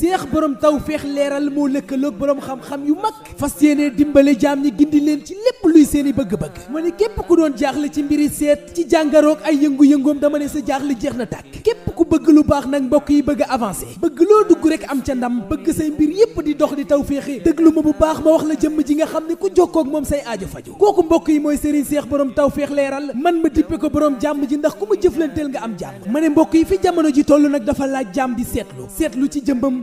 seex borom taw feex leeral moo lëkkaloog borom xam-xam yu mag fas yéene dimbale jaam ni gindi leen ci lépp luy seeni bëgg-bëgg ma ne képp ku doon jaaxle ci mbir yi seet ci jàngaroog ay yëngu-yëngoom dama ne sa jaaxle jeex na tàkk képp ku bëgg lu baax nag mbokk yi bëgg a bëgg loo dugg rek am ca ndam bëgg say mbir yépp di dox di taw féexe déglu ma bu baax ma wax la jëmm ji nga xam ne ku jokkoo moom say aajo faju kooku mbokk yi mooy Serigne Seex borom taw feex man ma dippe ko borom jàmm ji ndax ku ma jëflanteel nga am jàmm ma ne mbokk yi fi jamono ji toll nag dafa laaj jàmm di seetlu seetlu ci jëmbam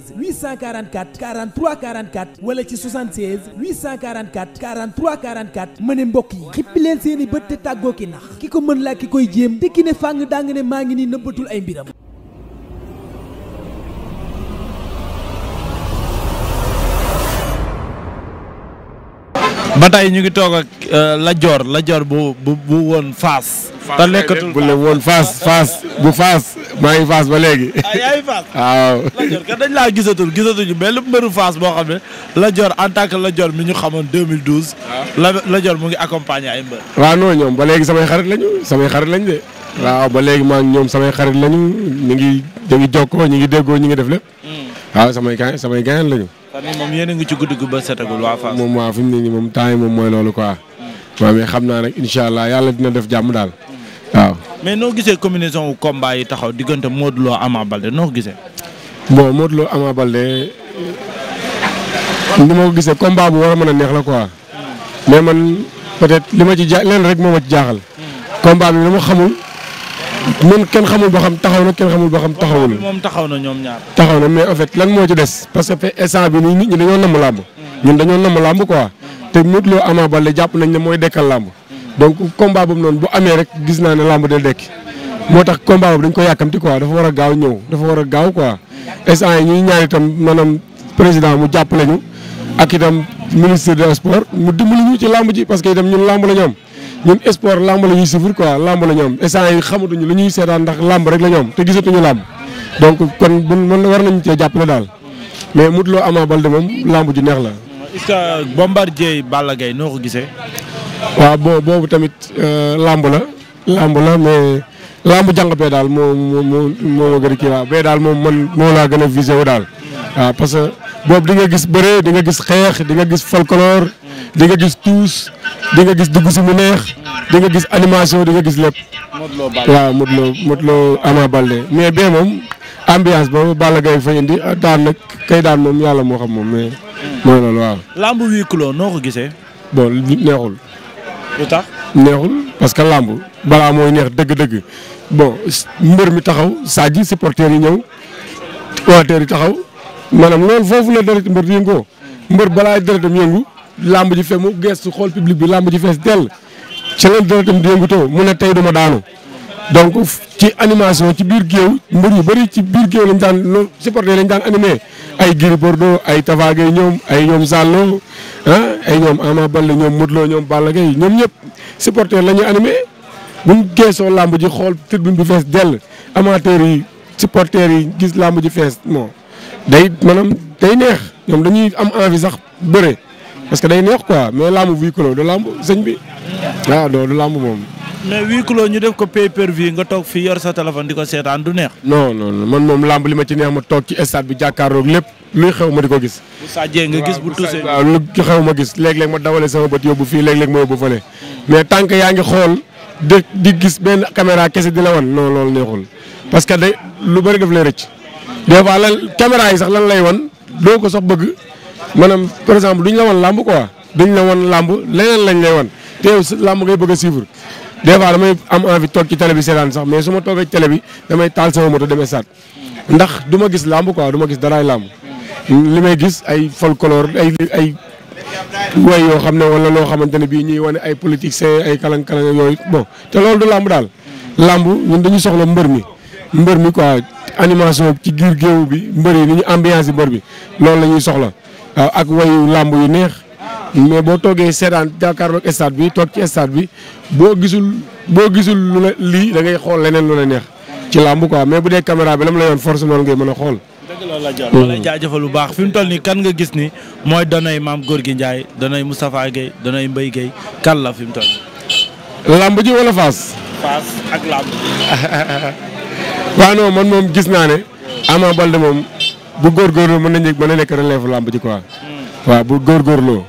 76 844 43 44 wala ci 76 844 43 44 ma ne mbokk yi xippi leen seen i bët te tàggoo ki nax ki ko mën laa ki koy jéem te ki ne fàng daa nga ne maa ngi nii nëbbatul ay mbiram ba tey ñu ngi toog ak euh, Lat Dior Lat Dior bu bu bu woon Fass. te lekkatul bu le woon Fass Fass bu Fass maa ngi Fass ba léegi. ah yaa ngi Fass. waaw Lat Dior kat dañ laa gisatul gisatuñu benn mbëru Fass boo xam ne Lat Dior en tant que Lat Dior mi ñu xamoon 2012. waaw ah. Lat Dior mu ngi accompagner ay mbër. waaw non ñoom ba léegi samay xarit lañu samay xarit lañ de. waaw ba léegi maa ngi ñoom samay xarit lañu ñu ngi ñu ngi jokkoo ñu ngi déggoo ñu ngi def lépp. Hmm. waaw samay gaañ samay gaañ lañu. fan moom yéen a ngi ci guddi gu ba setagul waa Fass. moom waaw fi mu nii moom temps yi moom mooy loolu quoi. Hmm. waaw mais naa nag incha allah yàlla dina def jàmm daal waaw. mais noo gisee combinaison wu yi taxaw diggante Modou loo Ama Balde noo ko gisee. bon Modou loo Ama Balde ni ma ko gisee combat bu war a mën a neex la quoi. Hmm. mais man peut-être li ma ci ja leen rek moo ma ci xamul. moom kenn xamul ba xam taxaw na kenn xamul ba xam taxawul. moom taxaw na ñoom ñaar. taxaw na mais en fait lan moo ci des parce que instant bi nii nit ñi dañoo namm làmb. ñun dañoo namm làmb quoi. te Modou Lo Ama Baldé jàpp nañ ne mooy dekkal làmb. donc combat boobu noonu bu amee rek gis naa ne làmb de dekk. moo tax combat boobu dañ ko yàkkamti quoi dafa war a gaaw ñëw dafa war a gaaw quoi instant yi ñuy ñaar itam maanaam président mu jàppale ñu ak itam ministre des sports mu dimbali ñu ci làmb ji parce que itam ñun làmb la ñu am ñun sport lamb la ñuy suivre quoi lamb la ñu am instant yi xamatuñu lu ñuy seetaan ndax lamb rek la ñu am te gisatuñu lamb donc kon bu mën war nañu cee jàppale daal mais Modou Lo Ama Baldé moom lamb ju neex la. est-ce que Bombardier Balla noo ko gisee. waaw boo boobu tamit euh, lamb la. lamb la lamb jàng bee daal moo moo moo ma gën a kii waaw bee daal moom man moo laa gën a visé wu daal. waaw parce que boobu di nga gis bëre di nga gis xeex di nga gis folklore. di nga gis tuus di nga gis dugg si mu neex di nga gis animation di gis lépp. waaw Modou Lo Modou Lo Ama Baldé mais bee moom ambiance boobu Balla Gaye fa indi daan nag kay daan moom yàlla moo xam moom mais. mooy loolu waaw. làmb wii kuloo noo ko gisee. bon neexul. lu neexul parce que làmb balaa mooy neex dëgg-dëgg mbër mi taxaw Sadji supporters yi ñëw supporters yi taxaw maanaam loolu foofu la deret mbër yëngoo mbër balaa deretam yëngu. làmb ji fe mu gestu xool public bi làmb ji fees dell ci leen dara tam di yëngutoo ne tey duma daanu donc ci animation ci biir géew mbër yu bëri ci biir géew lañ daan no supporter lañ daan animé ay Gris Bordeaux ay Tapha Gueye ñoom ay ñoom Zallo ah ay ñoom Ama Baldé ñoom Modou Lo ñoom Balla ñoom ñëpp supporter la ñuy animé buñ geesoo làmb ji xool tribune bi fees dell amateur yi supporter yi gis làmb ji fees moo day maanaam day neex ñoom dañuy am envie sax bëre parce que day neex quoi mais làmb huis clos du làmb sëñ bi waaw ah, non du làmb moom. mais huis clos ñu def ko pay per nga toog fii yor sa téléphone di ko seetaan du neex. non non man moom làmb li ma ci neex ma toog ci stade bi jàkkaarloog lépp luy xew ma di ko gis. bu sàjjee nga gis bu tuusee lu ma gis léeg ma dawale sama bët yóbbu fii léeg-léeg ma yóbbu fële mais tant yaa ngi xool di di gis benn caméra kese di la wan non loolu neexul parce que day lu bëri daf lay rëcc des fois lan caméra yi sax lan lay wan doo ko sax bëgg. maanaam par exemple duñ la wan làmb quoi duñ la wan làmb leneen lañ lay wan te yow làmb ngay bëgg a suivre des fois damay am envie toog ci télé bi seetaan sax mais su ma toogee ci télé bi damay taal sama moto demee saat ndax du ma gis làmb quoi du ma gis daraay làmb li may gis ay folklore ay ay way yoo xam ne wala loo xamante ne bii ñuy wane ay politiciens ay kalang kalang yooyu te loolu du làmb daal. làmb ñun dañu soxla mbër mi mbër mi quoi animation ci giir géew bi mbër yi ni ñu ambiance yi mbër bi loolu la ñuy soxla. Euh, ak wayu làmb yu neex mais boo toogee seetaan jàkkaarloog stade bi toog ci stade bi boo gisul boo gisul lu la lii da ngay xool leneen lu la neex ci làmb quoi mais bu dee caméra bi lam la yoon force noonu ngay mën a xool. dëgg la Lat Dior ma lay jaajëfal bu baax fi toll nii kan nga gis ni mooy danay maam Gorgui Ndiaye danay Moustapha Guèye danay Mbaye Guèye kan la fi mu toll. làmb ji wala Fass. Fass ak làmb. waaw non man moom gis naa ne. a Baldé moom bu góorgóorloo mën na nekk mën na nekk relève làmb ji quoi. waaw bu góorgóorloo.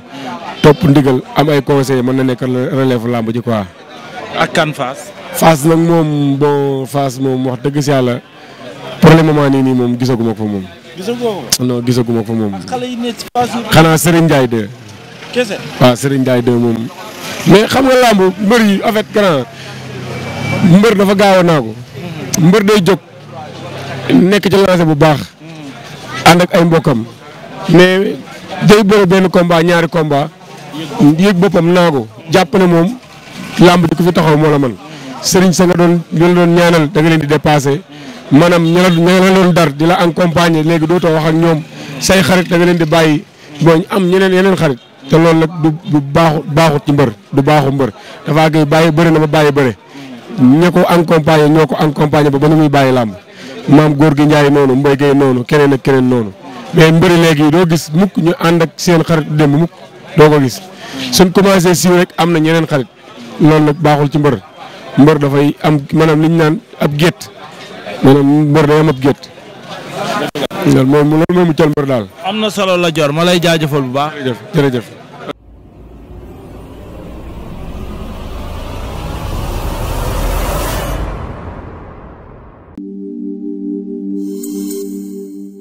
topp ndigal am ay conseil mën na nekk relève làmb ji quoi. ak kan Fass. Fass nag moom bon Fass moom wax dëgg si yàlla problème moment nii nii moom gisagu ko fa moom. gisagu ko fa xanaa Serigne Ndiaye 2. kese waaw Serigne Ndiaye moom. mais xam nga làmb mbër yi en fait mbër dafa gaaw a naa ko mbër day jóg nekk ci lancé bu baax. ànd ak ay mbokkam mais day bëre benn combat ñaari combat yëg boppam naagu jàpp ne moom làmb di ko fi taxaw moo la man sëriñ sa nga doon ñu la doon ñaanal da nga leen di dépassé maanaam ña la ña la dar di la accompagner léegi doo dootoo wax ak ñoom say xarit danga leen di bàyyi booñ am ñeneen yeneen xarit te loolu nag du du baaxu baaxut ci mbër du baaxu mbër dafaa koy bàyyi bëri na ma bàyyi bëri ña ko accompagner ñoo ko accompagner ba ba nu muy bàyyi làmb maam góor gi Ndiaye noonu Mbaye Gueye noonu keneen ak keneen noonu mais mbëri léegi doo gis mukk ñu ànd ak seen xarit démb mukk doo ko gis suñ commencé siiw rek am na ñeneen xarit loolu nag baaxul ci mbër mbër dafay am maanaam li ñu naan ab gétt maanaam mbër day am ab gétt loolu moom mu cal mbër daal. am na solo la Dior ma lay jaajëfal bu baax. jërëjëf jërëjëf.